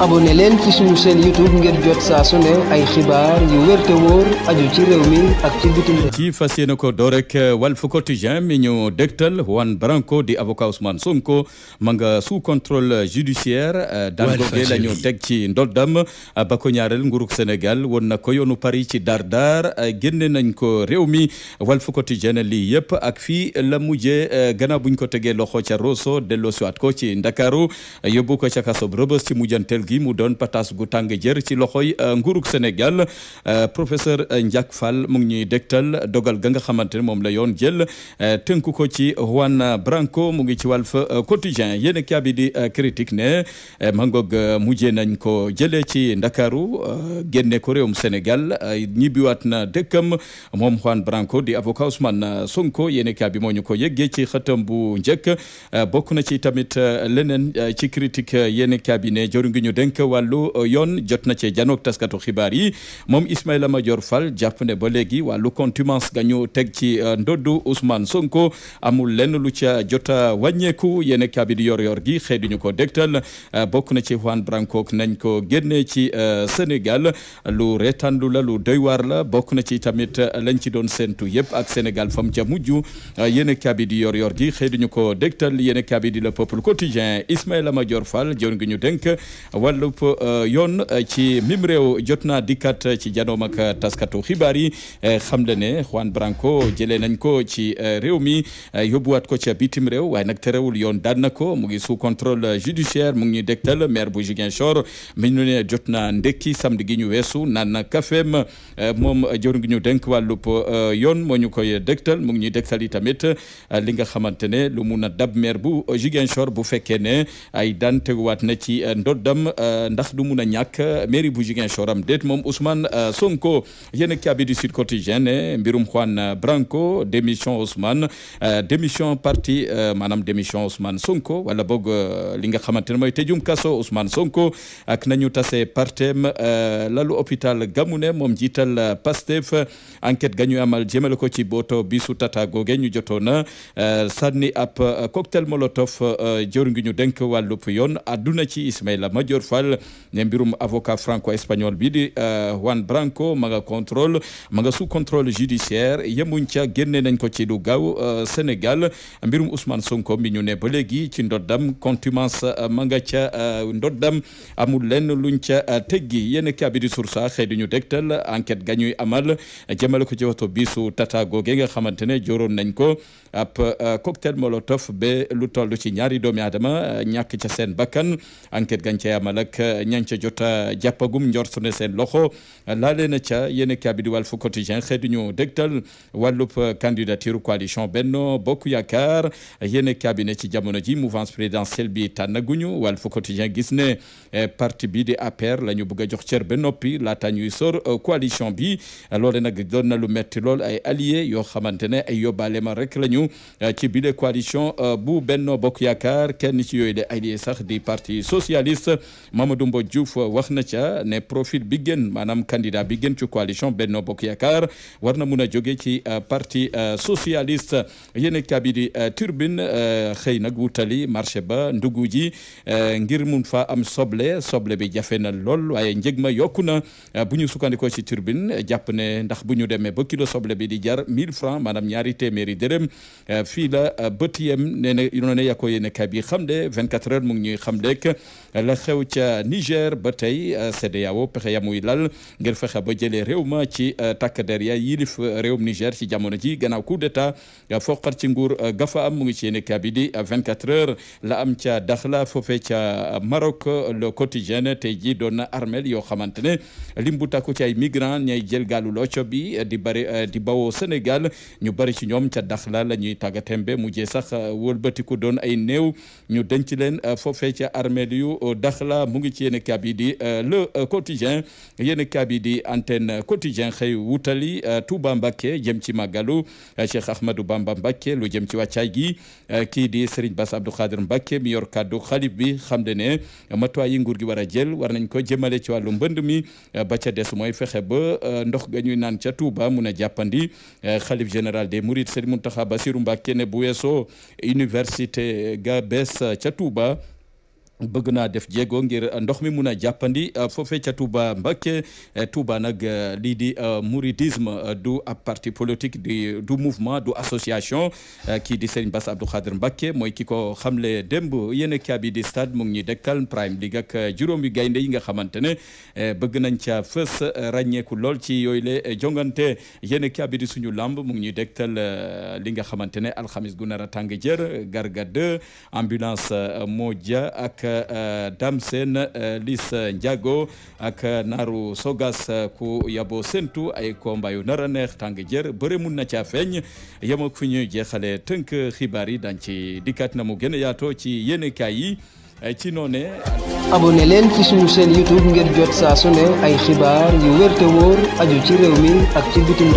abonné leen ci suñu chaîne YouTube ngir jot saa su ne ay xibaar yu wér te wóor aju ci réew mi ak ci bitim réew. kii fas ko doo rek eh, Walf Quotidien mi ñu dégtal Juan Branco di avocat Ousmane Sonko ma nga sous contrôle judiciaire eh, daan googee la ñu teg ci ndoddam eh, ba ko ñaareel nguurug Sénégal woon na ko yoonu Paris ci dar dardar génne nañ ko réew mi Walf Quotidien lii yëpp ak fii la mujjee gannaaw buñ ko tegee loxo ca Rosso delloosiwaat ko ci Ndakaaru yóbbu ko ca kasob Rebeuss ci mujjanteel gi mu doon pataas gu tàng jër ci loxoy euh, nguurug Sénégal euh, professeur euh, Ndiak fal mu ngi ñuy dégtal dogal ga nga xamante ne moom la yoon jël tënku ko ci Juan Branco mu ngi ci Walf Quotidien yéen a di critique ne mangog mujjee nañ ko jëlee ci Ndakaaru génne ko réewum Sénégal ñibbiwaat na dëkkam moom Juan Branco di avocat Ousmane Sonko yéen a bi moo ci xëtam bu njëkk bokk na ci tamit leneen dénk wàllu euh, yoon jot na cee janoog taskatu xibaar yi moom Ismaïla Madior fal jàpp ne ba léegi wàllu contumace ga ñu teg ci euh, ndoddu Ousmane Sonko amul lenn lu ca jot a wàññeeku yéen kabidi yor yor gi xëy duñu ko dégtal euh, bokk na ci Juan nañ ko génne ci Sénégal lu retandu la lu doy la bokk na ci tamit lañ ci doon séntu yëpp ak Sénégal fam ca mujj yéen kabidi yor yor gi xëy duñu ko dégtal yéen kabidi le peuple quotidien Ismaïla Madior Fall joon gi ñu dénk wàllub euh, yoon euh, ci mim réew jot naa dikkat euh, ci janoom ak taskatu xibaar yi xam le ne Juan Branco jëlee nañ ko ci réew mi yóbbuwaat ko ca bitim réew waaye nag terewul yoon daan na ko mu ngi sous contrôle judiciaire mu ngi ñuy dégtal maire bu Ziguinchor mi ñu ne jot naa ndekki samedi gi ñu weesu naan na kafeem moom jëwriñ gi ñu dénk wàllub yoon moo ñu koy dégtal mu ngi ñuy dégtal yi tamit li nga xamante ne lu mun a dab maire bu Ziguinchor bu fekkee ne ay daan teguwaat na ci ndoddam Euh, ndax du mun a ñàkk euh, mairie bu Ziguinchor am déet moom Ousmane euh, Sonko yéen a kii du Sud Quotidien ne mbirum Juan Branco démission Ousmane démission parti maanaam démission Ousmane Sonko wala boog li nga xamante ne mooy tëjum kaso Ousmane Sonko ak nañu tase partem lalu hôpital Gamoune moom jiital Pastef enquête gañu amal jëmale ko ci boto bisu tata googe ñu jotoona sànni ab cocktail molotov jëwriñ gi ñu dénk wàllub yoon àdduna ci Ismaïla Madior Fall ne mbirum avocat franco espagnol bi di euh, Juan Branco ma nga contrôle ma nga sous contrôle judiciaire yemuñ ca génne nañ ko ci lu gaaw euh, Sénégal mbirum Ousmane Sonko mi ñu ne ba léegi ci ndoddam contumace euh, ma nga ca ndoddam amul lenn luñ ca teggi yéen kaabi di sursa xëy di ñu dégtal enquête gañuy amal jëmale ko ci woto bisu tata googe nga xamante ne joroon nañ ko ab cocktail molotov be lu toll ci ñaari doomi aadama ñàkk ca seen bakkan enquête gañ cay amal Sénégal ak ñañ ca jot a jàppagum njort ne seen loxo laale na ca yéen kaay bi di Walf Quotidien xeetu ñu dégtal wàllub candidature coalition Benno Bokk Yaakaar yéen kaay ne ci jamono ji mouvance présidentielle bi tànnaguñu Walf Quotidien gis ne eh, parti bi di APR la ñu bëgg a jox cër ba noppi laata ñuy sor eh, coalition bi loole nag doon na lu metti lool ay alliés yoo xamante ne ay yóbbaale ma rek la ñu eh, ci bile coalition bu Benno Bokk Yaakaar kenn ci yooyu de alliés sax di parti socialiste Mamadou Mbodj Diouf wax na ca ne profil bi gën maanaam candidat bi gën ci coalition Benno Bokk Yaakaar war na mun a jóge ci euh, parti euh, socialiste yéen kabidi euh, turbine xëy nag wutali marché ba ndugu ji ngir mun fa am soble soble bi jafe na lool waaye njëg ma yokku na bu ñu sukkandikoo ci turbine jàpp ne ndax bu ñu demee ba kilo soble bi di jar 1000 francs maanaam ñaari téeméeri dërëm fii la bët yem nee na yéen a yàqoo yéen a kabi xam de 24 heures mu ngi ñuy xam rek la xew ca Niger ba tey euh, CEDEAO pexe yamuy lal ngir fexe ba jëlee réew ma ci euh, takk der ya yilif réewum Niger ci jamono ji gannaaw coup d'état euh, foqar ci nguur gafa am mu ngi ci yéene kabidi 24 heures la am ca Dakhla foofe ca Maroc le quotidien te ji doon na armel yoo xamante ne lim bu takku ci ay migrants ñay jël gaalu looco bi di bari di bawoo Sénégal ñu bari ci ñoom ca Dakhla la ñuy tàggatembe mujjee sax wëlbatiku doon ay néew ñu denc leen foofe ca armel yu Dakhla voilà mu ngi ci yéen kabi di euh, le euh, quotidien yéen kabi di antenne quotidien xëy wutali euh, Touba mbake jëm ci màggalu Cheikh Bamba Mbacké lu jëm ci wàccaay gi kii di Serigne Bass Abdou Khadir Mbacké mi yor kaddu xalif bi xam de ne matuwaay yi nguur gi war a jël war nañ ko jëmale ci wàllu mbënd mi ba ca des mooy fexe ba ndox ga ñuy naan ca Touba mun a jàppandi xalif général des Mourides Serigne Mountakha Bassirou Mbacké ne bu weesoo université ga ca Touba bëgg naa def jéego ngir euh, ndox mi mun a jàppandi euh, foofee ca Touba euh, nag lii di mouridisme du ab parti politique du du mouvement du association kii di Serigne Bass Abdou Khadir Mbacké mooy ki ko xamle démb yéen kaabi di stade mu ngi ñuy dektal prime league ak juróomi gaynde yi nga xamante ne bëgg nañ ca fës ràññeeku lool ci yooyu le jongante yéen kaabi di suñu lamb mu ngi ñuy dektal li nga xamante ne alxamis gu nar a tàng jër garga 2 ambulance Modja ak. Eh, Dame Sène eh, Liss Ndiago ak eh, Naaru Sogas ku yabo sentu ay combat yu nar neex tàng jër bëre mun na caa feeñ yem ak fi ñuy jeexalee tënk xibaar yi dañ ci dikkaat na mu gën a ci yéenekaay yi ci noonee. abonné ci suñu YouTube ngir jot saa ay xibaar yu wér te aju ci réew mi ak ci bitim